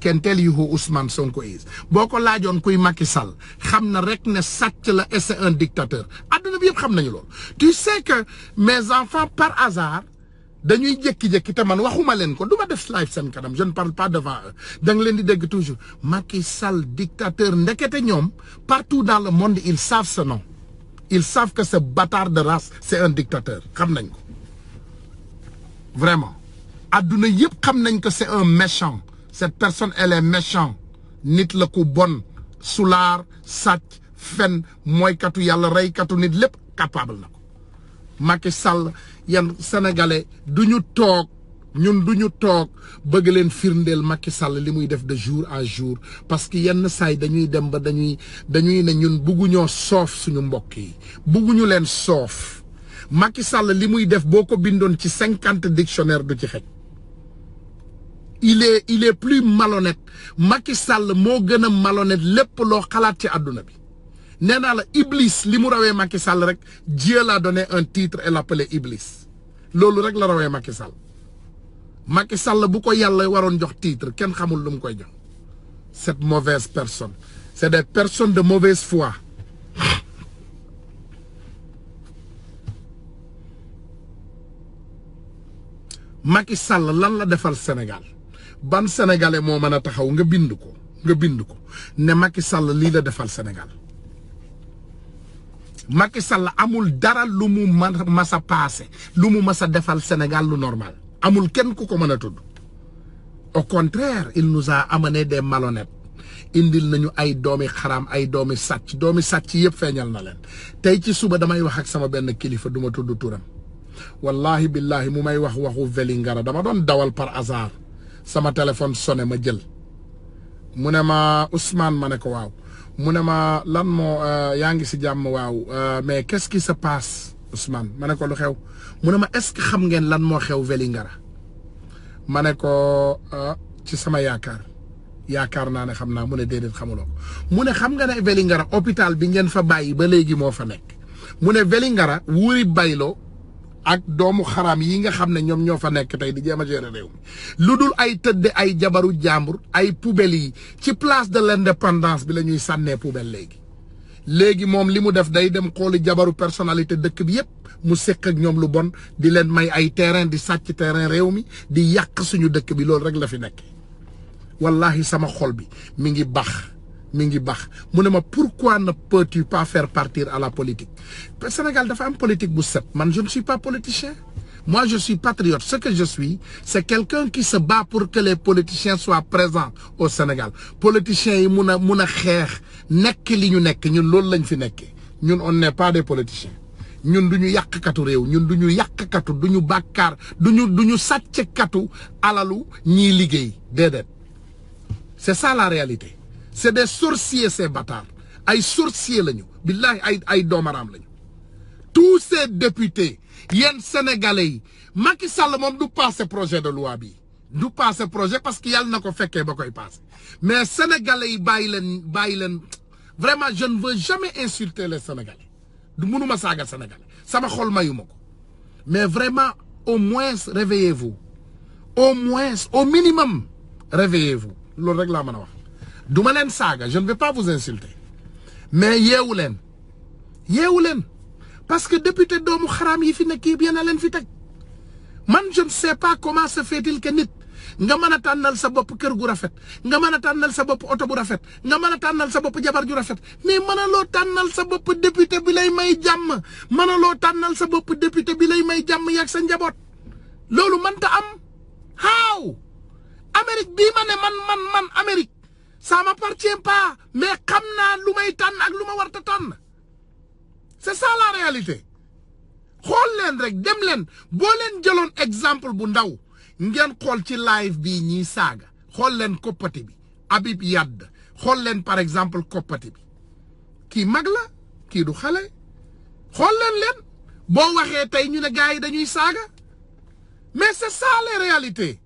can tell you who Ousmane Sonko is boo ko laajoon kuy Macky Sall xam na rek ne sàcc la et c'est un dictateur adduna bi yëpp xam nañu loolu tu sais que mes enfants par hasard dañuy jekki jekki té man waxuma len ko duma def live sen kanam je ne parle pas devant eux da di toujours Macky Sall dictateur ndekete ñom partout dans le monde ils savent ce nom ils savent que ce bâtard de race c'est un dictateur xam nañ ko vraiment aduna yépp xam nañ c'est un méchant cette personne elle est méchant nit la ku bonne soular fen moy katu ray katu nit lepp capable Macky Sall yan sénégalais duñu toog ñun du ñu toog bëgg leen firndeel Macky Sall li muy def de jour à jour parce que yenn saay dañuy dem ba dañuy dañuy ne ñun bugguñoo soof suñu mbokk yi bugguñu leen soof Macky Sall li muy def boo ko bindoon ci cinquante dictionnaire du ci xej il est il est plus Sall moo gën a malhonnête lépp loo xalaat ci àdduna bi nee Iblis Limurawe Makisal Macky Sall rek Dieu l'a donné un titre et l'appelait Iblis Lolo rek la rawee Macky Sall Macky Sall bu ko yàlla waroon jox titre ken xamul lu mu koy jox cette mauvaise personne c'est des personnes de mauvaise foi Macky Sall lan la défal Sénégal ban sénégalais mo mën taxaw nga bindou ko nga bindou ko ne Macky Sall li la défal Sénégal Macky Sall amul dara lu mu massa passé lu mu massa défal defal Sénégal lu normal amul kenn ku ko mën a tudd au contraire il nous a amené des malhonnêtes indil nañu ay doomi xaram ay doomi sàcc doomi sàcc yëpp feeñal na leen tey ci suba damay wax ak sama benn kilifa duma tudd turam wallahi billahi mu may wax waxu velingara dama doon dawal par hasard sama téléphone sonné ma jël mu ne ma Ousmane ma ne ko waaw mu ne ma lan moo euh, yaa ngi si jàmm waaw euh, mais qu'est-ce qui se passe ma ne ko lu xew mu ne ma est-ce que xam ngeen lan moo xew Vélingara ma ne ko ah, ci sama yaakaar yaakaar naa ne xam naa mu ne déedéet xamuloo ko mu ne xam nga ne Vélingara hôpital bi ngeen fa bàyyi ba léegi moo fa nekk mu ne Vélingara wuuri bayloo ak doomu xaraam yi nga xam ne ñoom ñoo fa nekk tey di jéem a gérer réew mi lu dul ay tëdd ay jabaru jàmbur ay poubelles yi ci place de l'indépendance bi la ñuy sànnee poubelle léegi léegi moom li mu def day dem xooli jabaru personalité dëkk bi yépp mu séq ak ñoom lu bon di leen may ay terrain di sàcc terrain réew mi di yàq suñu dëkk bi loolu rek la fi nekk wallahi sama xol bi mi ngi baax pourquoi ne peux-tu pas faire partir à la politique Le Sénégal dafa une politique bu man je ne suis pas politicien moi je suis patriote ce que je suis c'est quelqu'un qui se bat pour que les politiciens soient présents au Sénégal politiciens yi mun a mun a xeex li ñu nekk ñun loolu lañ fi politiciens. ñun on n'est pas des politiciens ñun du ñu yàqkatu ne ñun pas ñu yàqkatu du ne bàkkaar pas ñu sommes alalu c'est ça la réalité c'est des sorciers ces bâtards ay sorciers lañu billahi ay ay les lañu tous ces députés yenn sénégalais Macky Sall mom pas passé projet de loi bi pas ce projet parce qu'il y a ko fekkee ba koy passé mais sénégalais yi bàyyi vraiment je ne veux jamais insulter les sénégalais du mënuma saga sénégalais sama xol mayumako. mais vraiment au moins réveillez-vous au moins au minimum réveillez-vous Le rek du saga, je ne vais pas vous insulter mais yeewu leen parce que député doomu xaraam yi fi nekk bien yéen a fi man je ne sais pas comment se fait-il que nit nga mën tanal sa bop keur gu rafet nga mën tanal sa bop auto bu rafet nga mën tanal sa bop jabar ju rafet mais mën lo tanal sa bop député bi lay may jàmm mën lo tanal sa bop député bi lay may jàmm yak sa lolou man ta am haaw Amérique bi mané man man man Amérique ça m'appartient pas mais xam Lumaitan, lu may ak c'est ça la réalité xool rek dem leen boo exemple bu ndaw ngeen xool ci live Bi, Ni, Saga. bi Habib par exemple Kopatibi. bi magla? Qui du xale xool Len. leen boo waxee tey ñu ne saga. mais c'est ça les réalités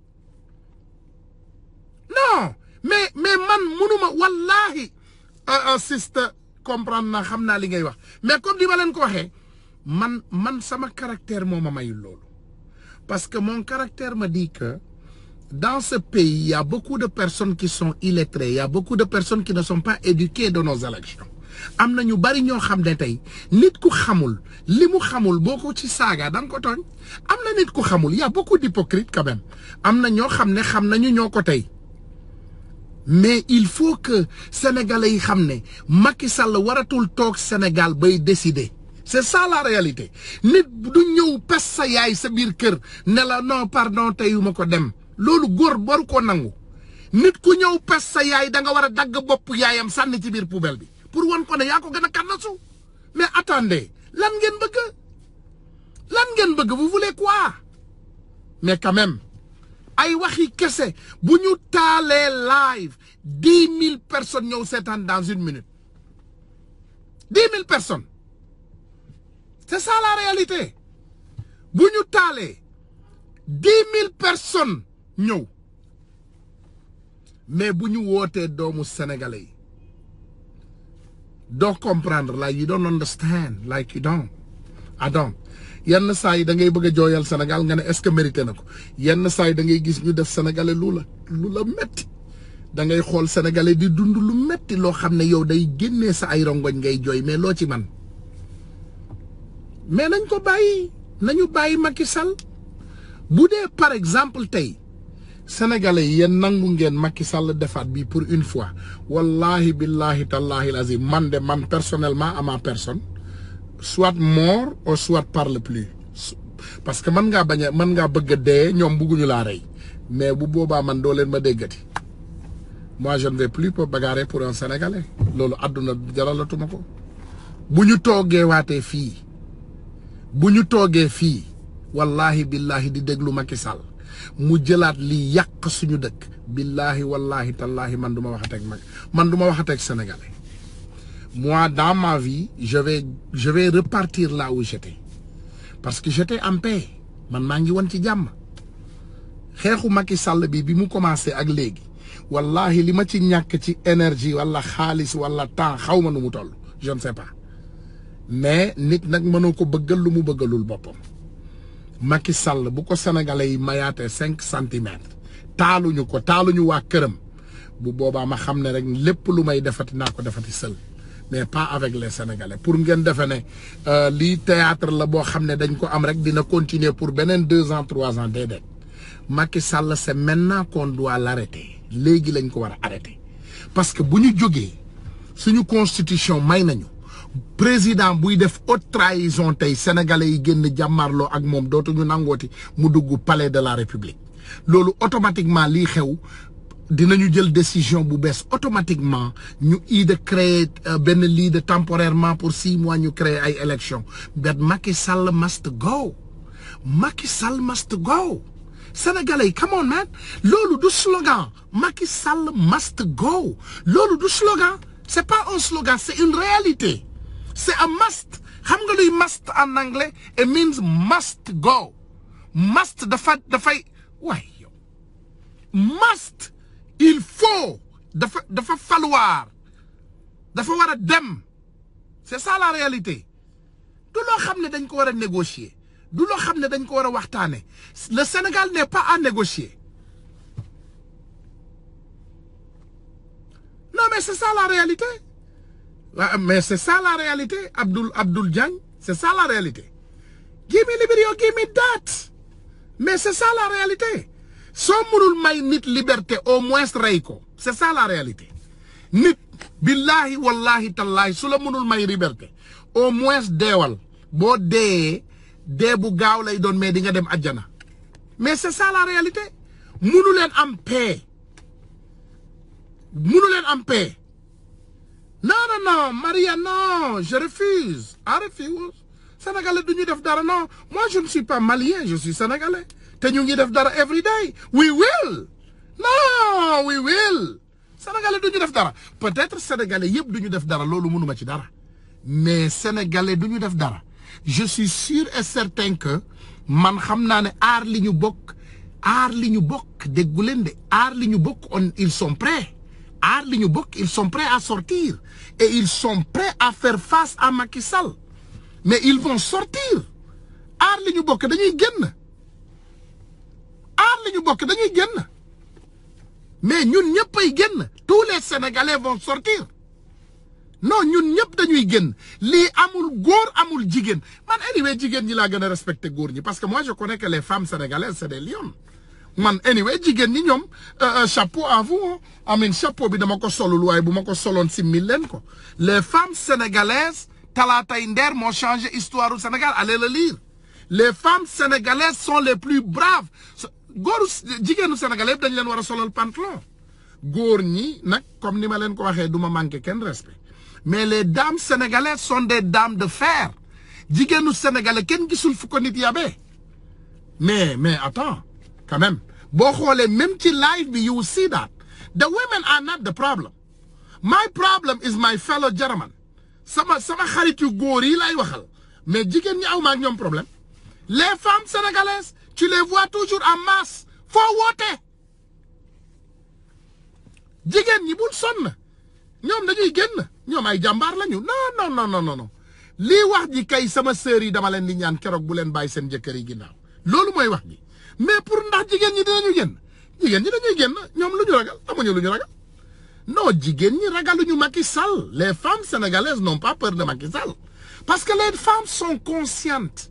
non mais mais man munuma Wallahi, ah, ah, sister comprendre na xamna li ngay mais comme di ma ko waxe man man sama caractère moma mayul parce que mon caractère me dit que dans ce pays il y a beaucoup de personnes qui sont illettrées il y a beaucoup de personnes qui ne sont pas éduquées dans nos élections am y ñu bari gens xam sont tey nit ku xamul beaucoup mu xamul boo ko ci saaga ko y a beaucoup d'hypocrites quand même am na ñoo ne mais il faut que sénégalais yi Macky Sénégal bay décider c'est ça la réalité nit du ñew pes sa yaay sa bir kër ne la non pardon dem lolu ne bor ko nangu nit ku ñew sa yaay yaayam ci poubelle bi pour wan ko ne ya ko gëna mais attendez lan ngeen bëgg lan vous voulez quoi mais quand même ay waxi kessé buñu talé live 10 000 personnes ñeu dans une minute 10 000 personnes c'est ça la réalité buñu talé 10 000 personnes ñeu mais buñu woté doomu sénégalais don't comprendre like you don't understand ne comprenez pas. Adam yenn saa da ngay bëgg joyal jooyal Sénégal nga ne est-ce que mérité nako yenn saa da ngay gis ñu def sénégalais lula lula metti da ngay xol sénégalais di dund lu metti lo yow day génné sa ay rongoñ ngay joy mais lo ci man mais nañ ko bayyi nañu bayyi Macky Sall boudé par exemple tay sénégalais yeen nangou ngeen Macky Sall bi pour une fois wallahi billahi tallahi lazim man de man personnellement à ma personne soit mort ou soit parle plus parce que man nga baña man nga bëgg dé ñom bëggu bugguñu laa rey mais bu boba man do leen ma déggati moi je ne vais plus pour bagarrer pour un sénégalais loolu àdduna jaralatuma ko bu ñu bu ñu wallahi billahi di déglu Macky Sall mu jëlat li suñu dëkk billahi wallahi tallahi man duma waxat ak man duma waxat ak sénégalais moi, dans ma vie, je vais, je vais repartir là où j'étais. Parce que j'étais en paix. Man mangi ngi ci jàmm. xeexu Macky Sall bi bi mu commencé ak léegi. wallahi li ma ci ñak ci énergie wala xaalis wala temps xaw ma nu mu toll. je ne sais pas. mais nit nak mënoo ko bëggal lu mu bëggalul bopam. Macky Sall bu ko sénégalais mayaté 5 cm. Taluñu ko taluñu wa kërëm. bu boba ma xamné rek lepp lu may defati naa ko defati seul mais pas avec les sénégalais pour ngeen defe le euh, théâtre la bo xamné dañ ko am rek dina continuer pour benen deux ans trois ans déedéet Macky Sall c'est maintenant qu'on doit l'arrêter Légui lañ ko wara arrêter parce que buñu joggé c'est suñu constitution may nañu président buy def haute trahison tay sénégalais yi génn jamarlo ak n'ont ñu été. mu dugg palais de la république lolu automatiquement li xew dinañu jël décision bu bees automatiquement nous i de créer ben temporairement pour six mois ñu créer ay élection but Macky Sall must go Macky Sall must go sénégalais come on man lolu du slogan Macky Sall must go lolu du slogan c'est pas un slogan c'est une réalité c'est un must xam nga luy must en anglais it means must go must de the Ouais, yo. « must il faut dafa dafa falloir dafa faire dem c'est ça la réalité Tout lo xam ne dañ ko wara négocier du lo dañ ko wara le Sénégal n'est pas à négocier non mais c'est ça la réalité mais c'est ça la réalité Abdoul Abdoul Djang. c'est ça la réalité give me Libéria, give me that mais c'est ça la réalité so mënul may nit liberté au moins rey ko c'est ça la réalité nit billahi wallahi t'allahi. su la mënul may liberté au moins deewal bo deeyee dee bu gaaw lay doon mais di nga dem aljana mais c'est ça la réalité munu leen am paix munu leen am paix non non non Maria non je refuse je refuse sénégalais duñu def dara non moi je ne suis pas malien je suis sénégalais te ñu ngi def dara every day we will no we will sénégalais duñu def dara peut-être sénégalais yëpp duñu def dara loolu mënuma ci dara mais sénégalais duñu def dara je suis sûr et certain que man xam naa ne aar li ñu bokk aar li ñu bokk déggu de aar li ñu on ils sont prêts aar li ñu ils sont prêts à sortir et ils sont prêts à faire face à Macky Sall mais ils vont sortir aar li ñu bokk dañuy génn les la ñu mais nous n'y payons tous les sénégalais vont sortir non nous n'y dañuy les les amul Les amours jigéen man anyway jigéen ni la gën parce que moi je connais que les femmes sénégalaises c'est des lions man anyway jigéen ni un euh, euh, chapeau à vous amin hein. chapeau bi dama ko solo waaye bu mako ko ci les femmes sénégalaises talata indère m'ont changé histoire au Sénégal allez le lire les femmes sénégalaises sont les plus braves góor jigéenu sénégalais yëpp dañ leen war a solal pantalon góor ñi nag comme ni ma leen ko waxee du ma manqué kenn respect mais les daam sénégalaises sont des dames de fer jigéenu sénégalais kenn gisul fu ko nit yabee mais mais attends quand même boo xoolee même ci live bi you see that the women are not the problem my problem is my fellow German sama sama xarit yu góor yi lay waxal mais jigéen ñi aw ma ñoom problème les femmes sénégalaises Tu les vois toujours en masse. Faut voter. ni ñi bul sonn dañuy genn. ñoom ay jambar lañu non non non non non Li wax di kay sama sœur yi dama len di ñaan kérok bu len bay sen jëkëri yi Lolu moy wax ji mais pour ndax jigéen ni dinañu genn. jigéen ni dañuy genn. nyom lu ragal amuñu lu ñu ragal non ni ragalu ñu Macky Sall les femmes sénégalaises n'ont pas peur de Macky Sall parce que les femmes sont conscientes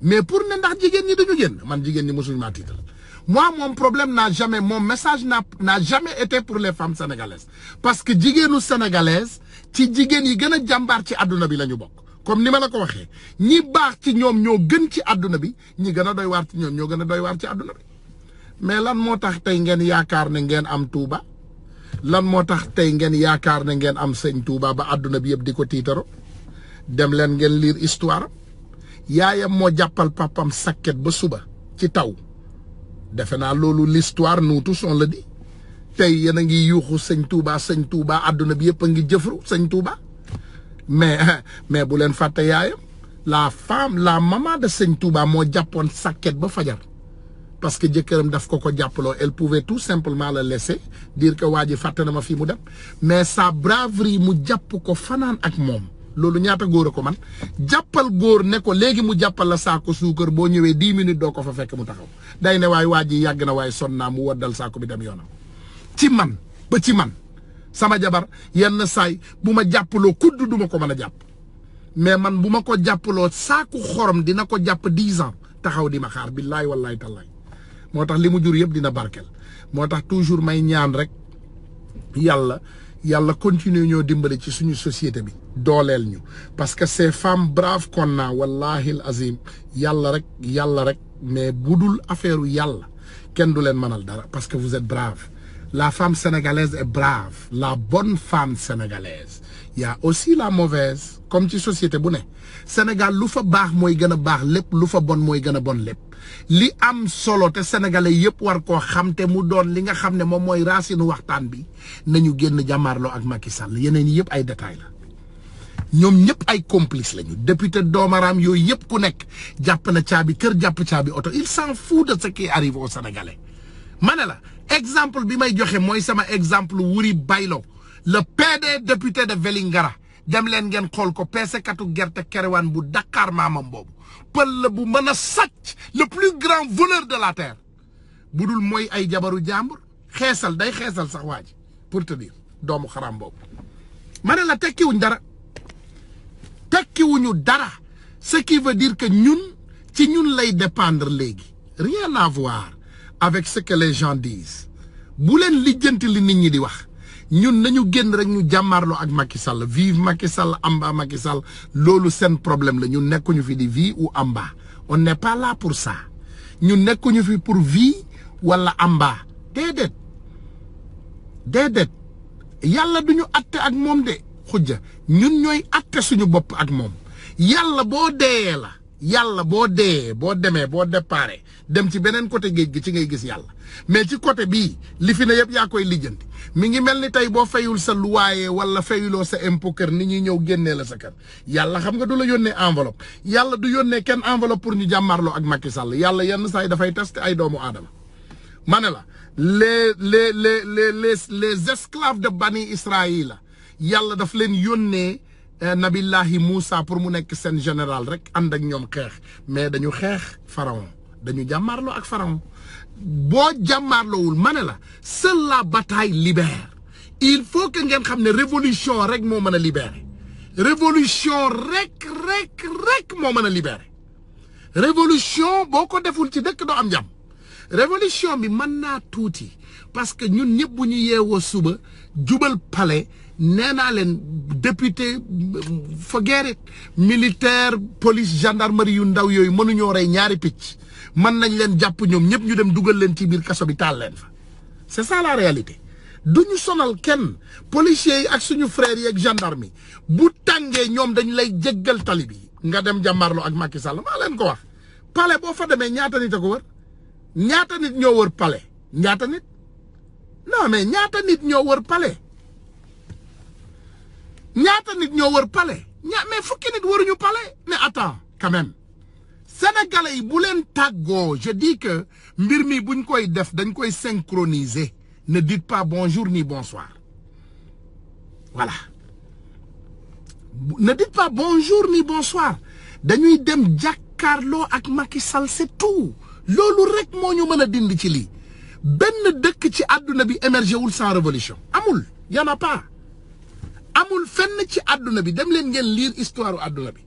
mais pour ne ndax ni de man ni moi mon problème n'a jamais mon message n'a jamais été pour les femmes sénégalaises parce que si sénégalaise sénégalaises, yi bi comme ni ma la ko waxee ñi baax ci ñoom ñoo gën ci bi ñi doy war ci mais lan mo tax vous ngeen yaakar ne ngeen am Touba? lan mo tax tay ngeen yaakar ne am ba histoire yaayam mo jappal papam sakket ba suba ci taw defena lolou l'histoire nous tous on le dit tay yana ngi yuxu tuba Touba tuba Touba aduna bi yëpp ngi jeufru seigne Touba mais *laughs* mais bu len yaayam la femme la mama de seigne Touba mo jappon sakket ba fajar parce que jeukeram daf ko ko jàppaloo elle pouvait tout simplement la laisser dire que waa ji na ma fi mu dem mais sa braverie mu japp ko fanaan ak mom loolu ñaata góor a ko man jàppal góor ne ko léegi mu jàppal la saako suukar boo ñëwee dix minutes doo ko fa fekk mu taxaw day ne waay waa ji yàgg na waaye son naa mu waddal saako bi dem yoonam ci man ba ci man sama jabar yenn saay bu ma jàppaloo kudd duma ko mën a jàpp mais man bu ma ko jàppaloo saaku xorom dina ko jàpp dix ans taxaw di ma xaar billaay wallaay tallaay moo tax li mu jur yëpp dina barkel moo tax toujours may ñaan rek yàlla Yalla continue ñoo dimbali ci suñu société bi dooleel ñu parce que ces femmes braves qu'on a wallahi azim yalla rek yalla rek mais budul affaireu yalla ken du leen manal dara parce que vous êtes braves. la femme sénégalaise est brave la bonne femme sénégalaise y a aussi la mauvaise comme ci société bu né Sénégal lu fa baax moy gëna a baax lu fa bon li am solo te sénégalais yëpp war ko xam te mu doon li nga xam ne moom mooy racine waxtaan bi nañu génn jàmmaarloo ak Macky Sall yeneen yëpp ay détails la ñoom ñëpp ay complice lañu député doomaraam yooyu yëpp ku nekk jàpp na caabi kër jàpp caabi oto il s'en fout de ce qui arrive au sénégalais ma ne la exemple bi may joxe mooy sama exemple Wuri Baylo le PD député de Vélingara dem len ngeen xol ko peesekatu gerte kerewaan bu Dakar mamam bobu pël le bu meuna le plus grand voleur de la terre budul moy ay jabaru jàmbur xéssal day xéssal sax waa pour te dire domou kharam bobu mané la tekki wuñ dara wuñu dara ce qui veut dire que ñun ci ñun lay dépendre légui rien à voir avec ce que les gens disent bu leen lijjanti li nit ñi di wax ñun nañu genn rek ñu jamarlo ak Macky Sall vive Macky Sall amba Macky Sall lolu sen problème la ñun nekkuñu fi di vie ou amba on n'est pas là pour ça ñun nekkuñu fi pour vie wala amba dedet, dedet yalla duñu atte ak mom de xujja ñun ñoy atte suñu bop ak mom yalla bo deeyee la yalla bo deeyee bo démé bo déparé dem ci beneen côté géej gi ci ngay gis yàlla mais ci côté bii li fi ne yëpp yaa koy lijjanti mi ngi mel ni tey boo fayul sa luwaaye wala fayuloo sa impôt kër ni ñuy ñëw génnee la sa kër yàlla xam nga du la yónnee enveloppe yàlla du yónnee kenn enveloppe pour ñu jàmmarloo ak Macky Sall yàlla yenn saa yi dafay teste ay doomu aadama ma ne la les les les les les les esclaves de bani Israël la yàlla daf leen yónnee eh, nabillahi Moussa pour mu nekk seen général rek ànd ak ñoom xeex mais dañu xeex pharaon dañu jàmmaarloo ak pharaon boo jàmmaarloowul ma ne la seule la bataille libère il faut que ngeen xam ne révolution rek moo mën a libérer révolution rek rek rek moo mën a libérer révolution boo ko deful ci dëkk doo am jàmm révolution bi mën naa tuuti parce que ñun ñëpp bu ñu yeewoo suba jubal palais nee naa leen député euh, forget it militaire police gendarmerie yu ndaw yooyu mënuñoo rey ñaari picc mën nañ leen jàpp ñoom ñëpp ñu dem dugal leen ci biir kaso bi taal leen fa c'est ça du ñu sonal kenn policiers yi ak suñu frères yi ak gendarme yi bu tàngee ñoom dañ lay jëggal tali bi nga dem jàmmarloo ak Macky Sall maa leen ko wax palais boo fa demee ñaata nit a ko wër ñaata nit ñoo wër palais ñaata nit non mais ñaata nit ñoo wër pale ñaata nit ñoo wër pale ña mais fukki nit waruñu palais mais attends quand même sénégalais bu tago. je dis que Mirmi, mi buñ koy def synchroniser ne dites pas bonjour ni bonsoir voilà ne dites pas bonjour ni bonsoir dañuy dem jàkkaarloo ak Macky Sall c'est tout loolu rek moo ñu mën dindi ci li benn dëkk ci aduna bi émergé sans révolution amul y en a pas amul fenn ci aduna bi dem leen ngeen lire histoire aduna bi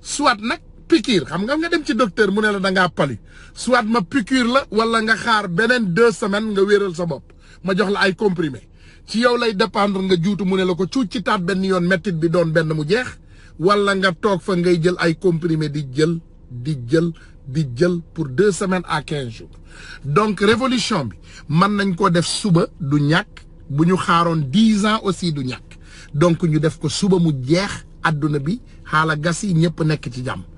soit nak Pikir, xam nga nga dem ci docteur mu ne la da nga pali soit ma piqûre la wala nga xaar benen 2 semaines nga wéral sa bop ma jox la ay comprimé ci yow lay dépendre nga juutu mu ne la ko ciu ci tat ben yoon mettit bi doon ben mu jeex wala nga tok fa ngay jël ay comprimé di jël di jël di jël pour 2 semaines à 15 jours donc révolution bi man nañ ko def suba du ñak bu ñu xaaroon dix ans aussi du ñak donc ñu def ko suba mu jeex aduna bi hala gasi ñepp nek ci jamm